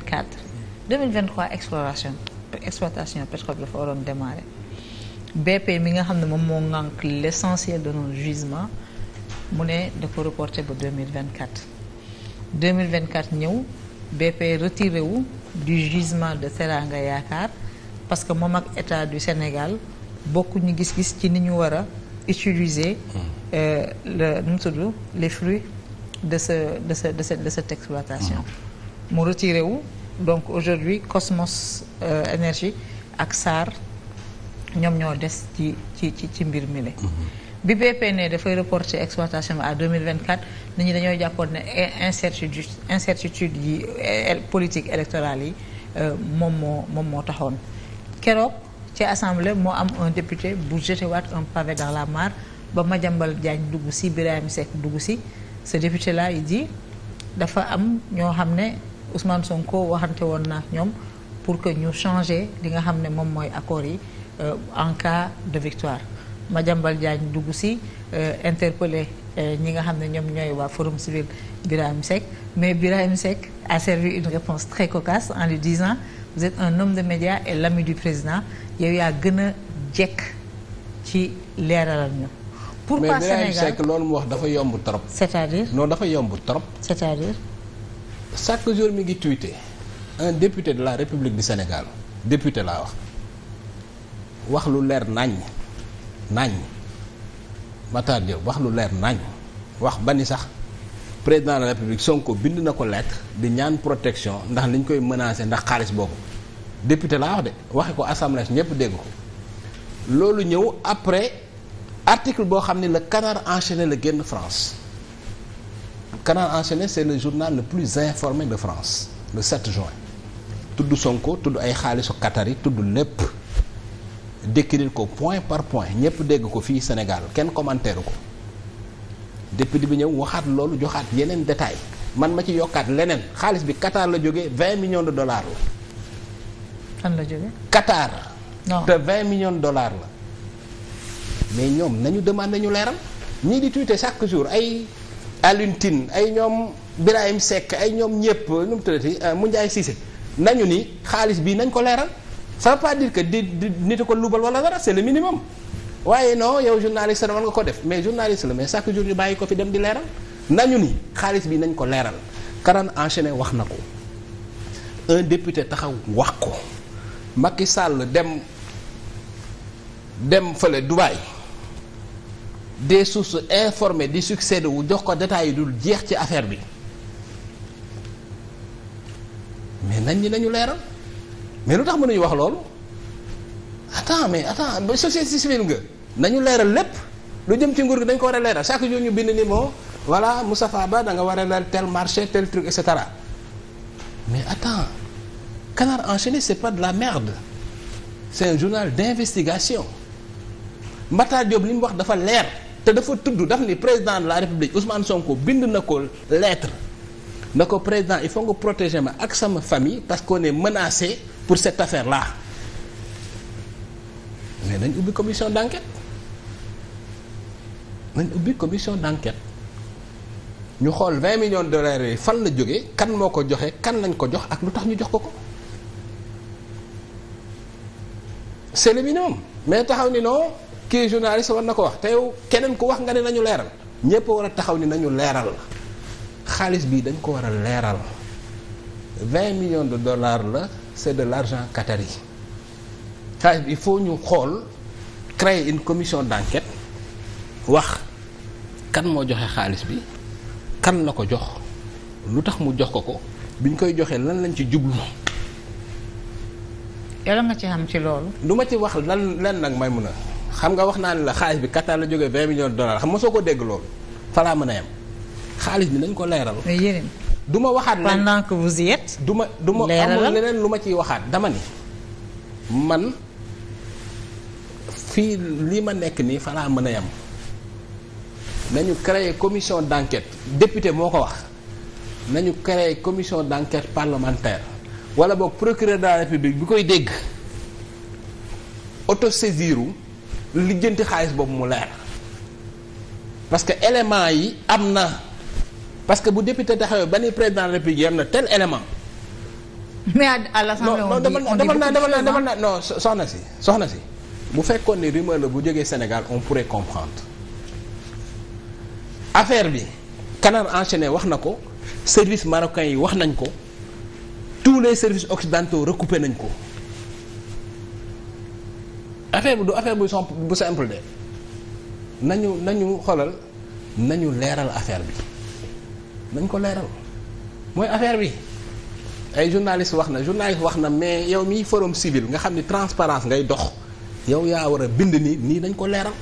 2024 2023 exploration exploitation pétrole dafa waroon démarrer BP mi nga xam ne moom moo ŋànk l' essentiel de nos gisements mu ne da ko reporter ba 2024 2024 ñëw BP retiré wu du gisement de Teranga Yaakaar parce que moom ak état du Sénégal bokkuñu gis-gis ci ni ñu war a utiliser euh, le nu les fruits de de ce de cette de cette exploitation. mu retiré wu donc aujourd'hui Cosmos énergie euh, ak SAR ñoom ñoo des ci ci ci ci mbir mi la mhm. bi BP ne dafay reporter exploitation bi à 2024 nit ñi dañoo jàppoon ne incertitude incertitude yi eh, eh, politique électorale yi euh, moom moo moom moo taxoon keroog ci assemblée moo am un député bu jeté waat un pavé dans la mare ba Madiambal Diagne dugg si Birahim Seck dugg si ce député là il dafa am ñoo xam ne Ousmane Sonko waxante woon na ñoom pour que ñu changer li nga xam ne moom mooy accords yi euh, en cas de victoire Madiambal Diagne dugg si euh, interpellé euh, ñi nga xam ne ñoom ñooy waa Forum Civil Birahim Seck mais Birahim Seck a servi une réponse très cocasse en lui disant vous êtes un homme de médias et l'ami du président yow yaa gën a jekk ci leeralal ñu. pour Sénégal mais Birahim loolu mu wax dafa yomb trop. c'est-à-dire non dafa trop. cest à chaque jour mi ngi tweeté un député de la République du Sénégal député laa wax wax lu leer nañ nañ Matar Diop wax lu leer nañ wax ba ni sax président de la République Sonko bind na ko lettre di ñaan protection ndax liñ koy menacer ndax xaalis boobu député laa wax de waxe ko assemblée ñëpp dégg ko loolu ñëw après article boo xam ne le canard enchaîné la génn France Canal enchaîné c'est le journal le plus informé de France le 7 juin tudd Sonko tudd ay xaalisu Qatar yi tudd lépp décrire ko point par point ñëpp dégg ko fii Sénégal kenn commentaire ko député bi ñëw waxaat loolu joxaat yeneen détail man ma ci yokkaat leneen xaalis bi Qatar la jógee 20 millions de dollars la. fan la jógee. Qatar. non te 20 millions de dollars la mais ñoom nañu demandé ñu leeram ñii di tuite chaque jour ay. Alioune Tine ay ñoom Birahim Seck ay ñoom ñëpp nu traité mu euh, Ndiaye Cissé nañu ni xaalis bi nañ ko leeral sa veut pas dire que di di nit ko lubal wala dara c'est le minimum waaye non yow journaliste la war nga ko def mais journaliste la mais chaque jour ñu bàyyi ko fi dem di leeral nañu ni xaalis bi nañ ko leeral Karane enchaîné wax na ko un député taxaw wax ko Macky Sall dem dem du Dubaï. des sources informées di succédé wu jox ko détails yi dul jeex ci affaire bi mais nañ ñi nañu leeral mais lu tax mënuñu wax loolu attends mais attends ba société civile nga nañu leeral lépp lu jëm ci nguur gi dañ ko war a leeral chaque jour ñu bind ni moo voilà Moustapha Ba da nga war a leeral tel marché tel truc et cetera mais attends Canard enchaîné c'est pas de la merde c'est un journal d'investigation Matar Diop li mu wax dafa leer te dafa tudd daf ni président de la république Ousmane Sonko bind na ko lettre na ko président il faut nga protéger ma ak sama famille parce ne est menacé pour cette affaire là mais nañ ubbi commission d'enquête nañ ubbi commission d'enquête ñu xool 20 millions de yi fan la jóge kan moo ko joxe kan lañ ko jox ak lu tax ñu jox ko ko c'est mais taxaw ni non. kii journaliste war na ko wax te keneen ku wax nga ne nañu leeral ñëpp war a taxaw ni nañu leeral xaalis bii dañ ko war a leeral vingt millions de dollars la c'est de l'argent qatari xaalis bi il faut ñu xool créer une commission d'enquête wax kan moo joxe xaalis bi kan la ko jox lu tax mu jox ko ko biñ koy joxee lan lañ ci jublu. yàlla ma ci xam ci loolu. lu ma ci wax lan len nag may mun a. xam nga wax naa ne la xaalis bi Qatar la jóge 20 millions de dollars xam nga soo ko dégg loolu fa laa mën a yem xaalis bi nañ ko leeral. du ma waxaat nag pendant que vous du ma du ma amul leneen lu ma ciy waxaat dama ni man fii li ma nekk nii fa laa mën a yem nañu créer commision d' enquête député moo ko wax nañu créer commision d' enquête parlementaire wala boog procureur de la république bi koy dégg autosaisiru lijjanti xaalis boobu mu leer parce que élément yi am na parce que bu deputé taxawee ba ni président de la république am na tel élément. mais à l'Assemblée non non demal naa demal naa demal naa soxna si soxna si bu fekkoon ni rumeur la bu jógee Sénégal on pourrait comprendre affaire bi Canard enchaîné wax na ko service marocain yi wax nañ ko tous les services occidentaux recoupé nañ ko. affaire bi du affaire bu somp bu simple de nañu nañu xoolal nañu leeral affaire bi nañ ko leeral mooy affaire bi ay journaliste wax na journaliste wax na mais yow miy forum civil nga xam ni transparence ngay dox yow yaa war a bind ni nii dañ ko leeral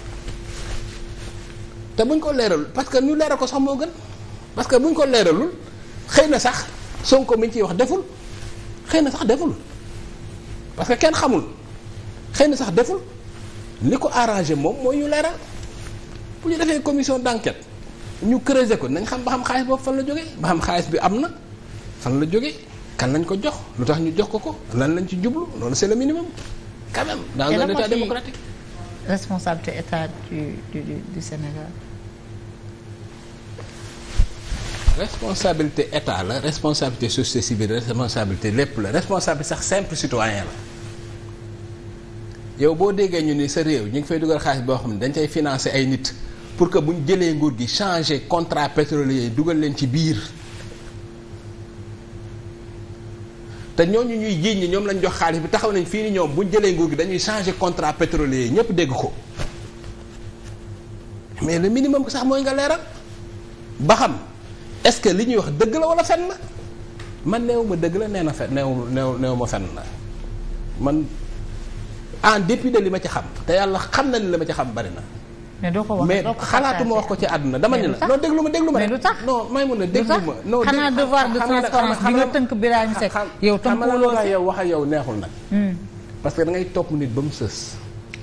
te buñ ko leeralul parce que ñu leeral ko sax moo gën parce que buñ ko leeralul xëy na sax Sonko mi ñu ciy wax deful xëy na sax deful parce que kenn xamul xëy na sax deful li ko arrangé moom mooy ñu leeral bu ñu defee commission d'enquête ñu creuser ko nañ xam ba xam xaalis boobu fan la jóge ba xam xaalis bi am na fan la jóge kan lañ ko jox lu tax ñu jox ko ko lan lañ ci jublu loolu c'est le minimum quand même dans un état démocratique responsabilité état du du du Sénégal. responsabilité état la responsabilité société civile responsabilité lépp la responsabilité sax simple citoyen la. yow boo déggee ñu ni sa réew ñu ngi fay dugal xaalis boo xam ne dañ cay financer ay nit pour que bu ñu jëlee nguur gi changer contrat pétrolier yi dugal leen ci biir te ñooñu ñuy jiiñ ñi ñoom lañ jox xaalis bi taxaw nañ fii ni ñoom bu ñu jëlee nguur gi dañuy changer contrat pétrolier yi ñëpp dégg ko mais le minimum sax mooy nga leeral ba xam est-ce que li ñuy wax dëgg la walla fen la man neew ma dëgg la nee na fen new neew neew ma fen la en dépit de li ma ci xam te yàlla xam na li la ma ci xam bari na. mais doo ko wax mais xalaatuma wax ko ci àdduna dama ne la non déglu ma déglu ma rek. mais du tax non may mun a déglu ma. non xanaa devoir de transparence ma nga tënk Birahim Seck. yow wax ak yow neexul nag. Hmm. parce que da ngay topp ba mu sës.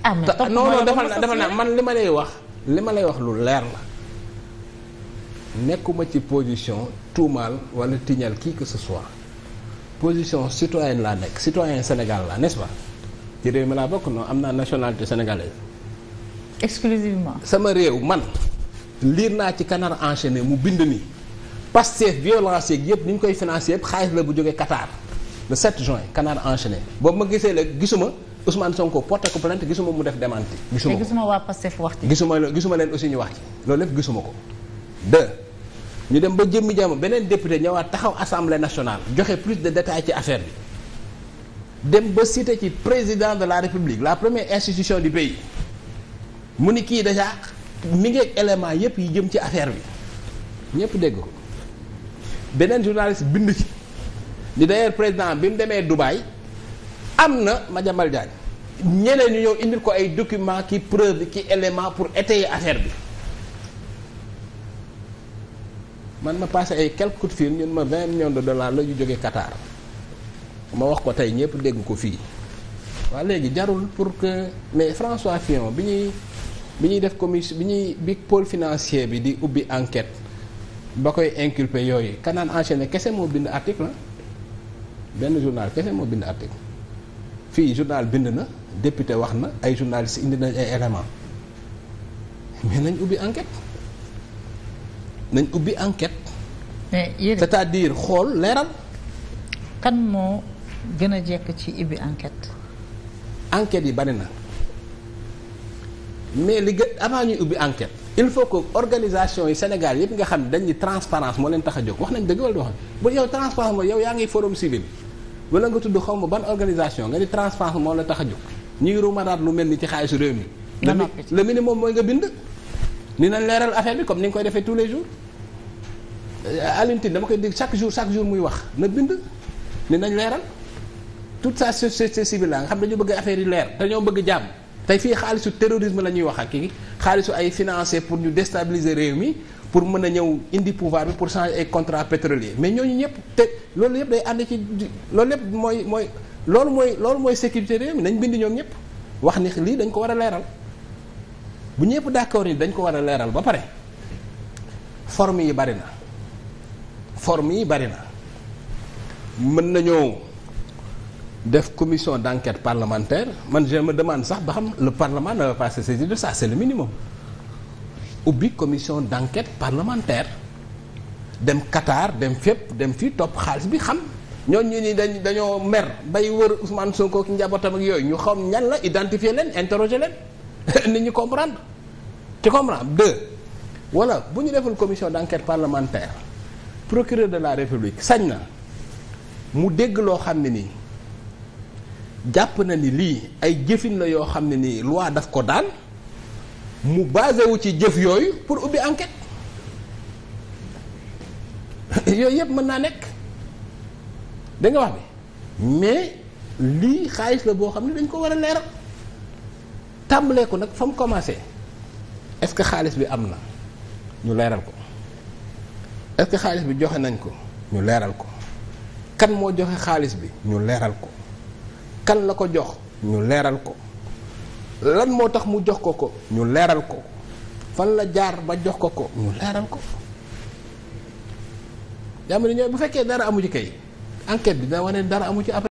ah mais topp non non dafa li ma lay wax li ma lay wax lu leer la nekkuma ci position tuumaal wala tiñal qui que ce soit position citoyenne laa nekk citoyen Sénégal la n'est-ce ci réew mi laa bokk non am naa nationalité sénégalaise. exclusivement. sama réew man liir naa ci Canard enchaîné mu bind ni Pastef violence yeeg yëpp ni ñu koy financé yëpp xaalis la bu jógee Qatar le 7 juin Canard enchaîné boobu ma gisee la gisuma Ousmane Sonko porté ko plainte gisuma mu def démenti. gisuma ko te gisuma waa Pastef wax ci. gisuma gisuma leen aussi ñu wax ci loolu lépp gisuma ko. deux ñu dem ba jëmmi jamono beneen député ñëwaat taxaw assemblée nationale joxe plus de détails ci affaire bi. dem ba site ci président de la république la première institution du pays mu ni kii déjà mi ngi ak élément yépp yi jëm ci affaire bi ñépp dégg ko beneen journaliste bind ci ni d'ailleurs président bi mu demee dubaay am na Madiambal Diagne ñeneen ñu ñëw indil ko ay documents ki preuve ki élément pour étayer affaire bi man ma passé ay quelques coups de fil ñun ma 20 millions de dollars la ñu jógee Qatar ma wax ko tey ñëpp dégg ko fii waaw léegi jarul pour que mais François fion bi ñuy bi ñuy def commission bi ñuy bi pôle financier bi di ubbi enquête ba koy inculpé yooyu Canal enchaîné kese moo bind article benn journal kese moo bind article fii journal bind na député wax na ay journalistes indi nañ ay éléments mais nañ ubbi enquête nañ ubbi enquête. mais cest xool leeral. kan moo gën a jekk ci ibbi enquête. enquête yi bari na mais li gën avant ñuy ubbi enquête. il faut que organisation yi Sénégal yëpp nga xam ne dañ ni transparence moo leen tax a jóg wax nañ dëgg wala du wax ba yow transparence mooy yow yaa ngi wala nga tudd xaw ma ban organisation nga ni transparence moo la tax a jóg ñuy ruumanaat lu mel ni ci xaalisu réew mi. le minimum mooy nga bind. ni nañ leeral affaire bi comme ni nga koy defe tous les jours euh, Alioune Tine dama koy dégg chaque jour chaque jour muy wax na bind ni nañ leeral. tout sa société civile la nga xam dañoo bëgg affaire yi leer dañoo bëgg jàmm tey fii xaalisu terrorisme la ñuy wax ak kii xaalisu ay financé pour ñu déstabiliser réew mi pour mën a ñëw indi pouvoir bi pour changer ay contrat pétrolier mais ñooñu ñëpp te loolu yëpp day ànd ci loolu yëpp mooy mooy loolu mooy loolu mooy sécurité réew mi nañ bind ñoom ñëpp wax ni lii dañ ko war a leeral bu ñëpp d'accord yi dañ ko war a leeral ba pare forme yi bari na forme yi bari na mën def commission d'enquête parlementaire man je me demande sax ba xam le parlement n'avait pas se saisi de ça c'est le minimum ubbi commission d'enquête parlementaire dem Qatar dem fépp dem fii topp xaalis bi xam ñooñu ñu ni dañ dañoo mer bay wër Ousmane Sonko njabootam ak yooyu ñu xam ñan la identifier leen interroger leen nit ñi comprendre tu comprends deux voilà bu ñu deful commission d'enquête parlementaire procureur de la République sañ na mu dégg loo xam ne nii jàpp na ni lii ay jëfin la yoo xam ne nii loi daf ko daan mu basé ci jëf yooyu pour ubbi enquête yooyu yëpp mën naa nekk danga wax bi mais lii xaalis la boo xam ne dañ ko war a leeral tàmbalee ko nag fa mu commencé est-ce que xaalis bi am na ñu leeral ko est que xaalis bi joxe nañ ko ñu leeral ko kan moo joxe xaalis bi ñu leeral ko kan la ko jox ñu leeral ko lan moo tax mu jox ko ko ñu leeral ko fan la jaar ba jox ko ko ñu leeral ko jàmm ni ñooy bu fekkee dara amu ci kay enquête bi dina wane dara amu ci après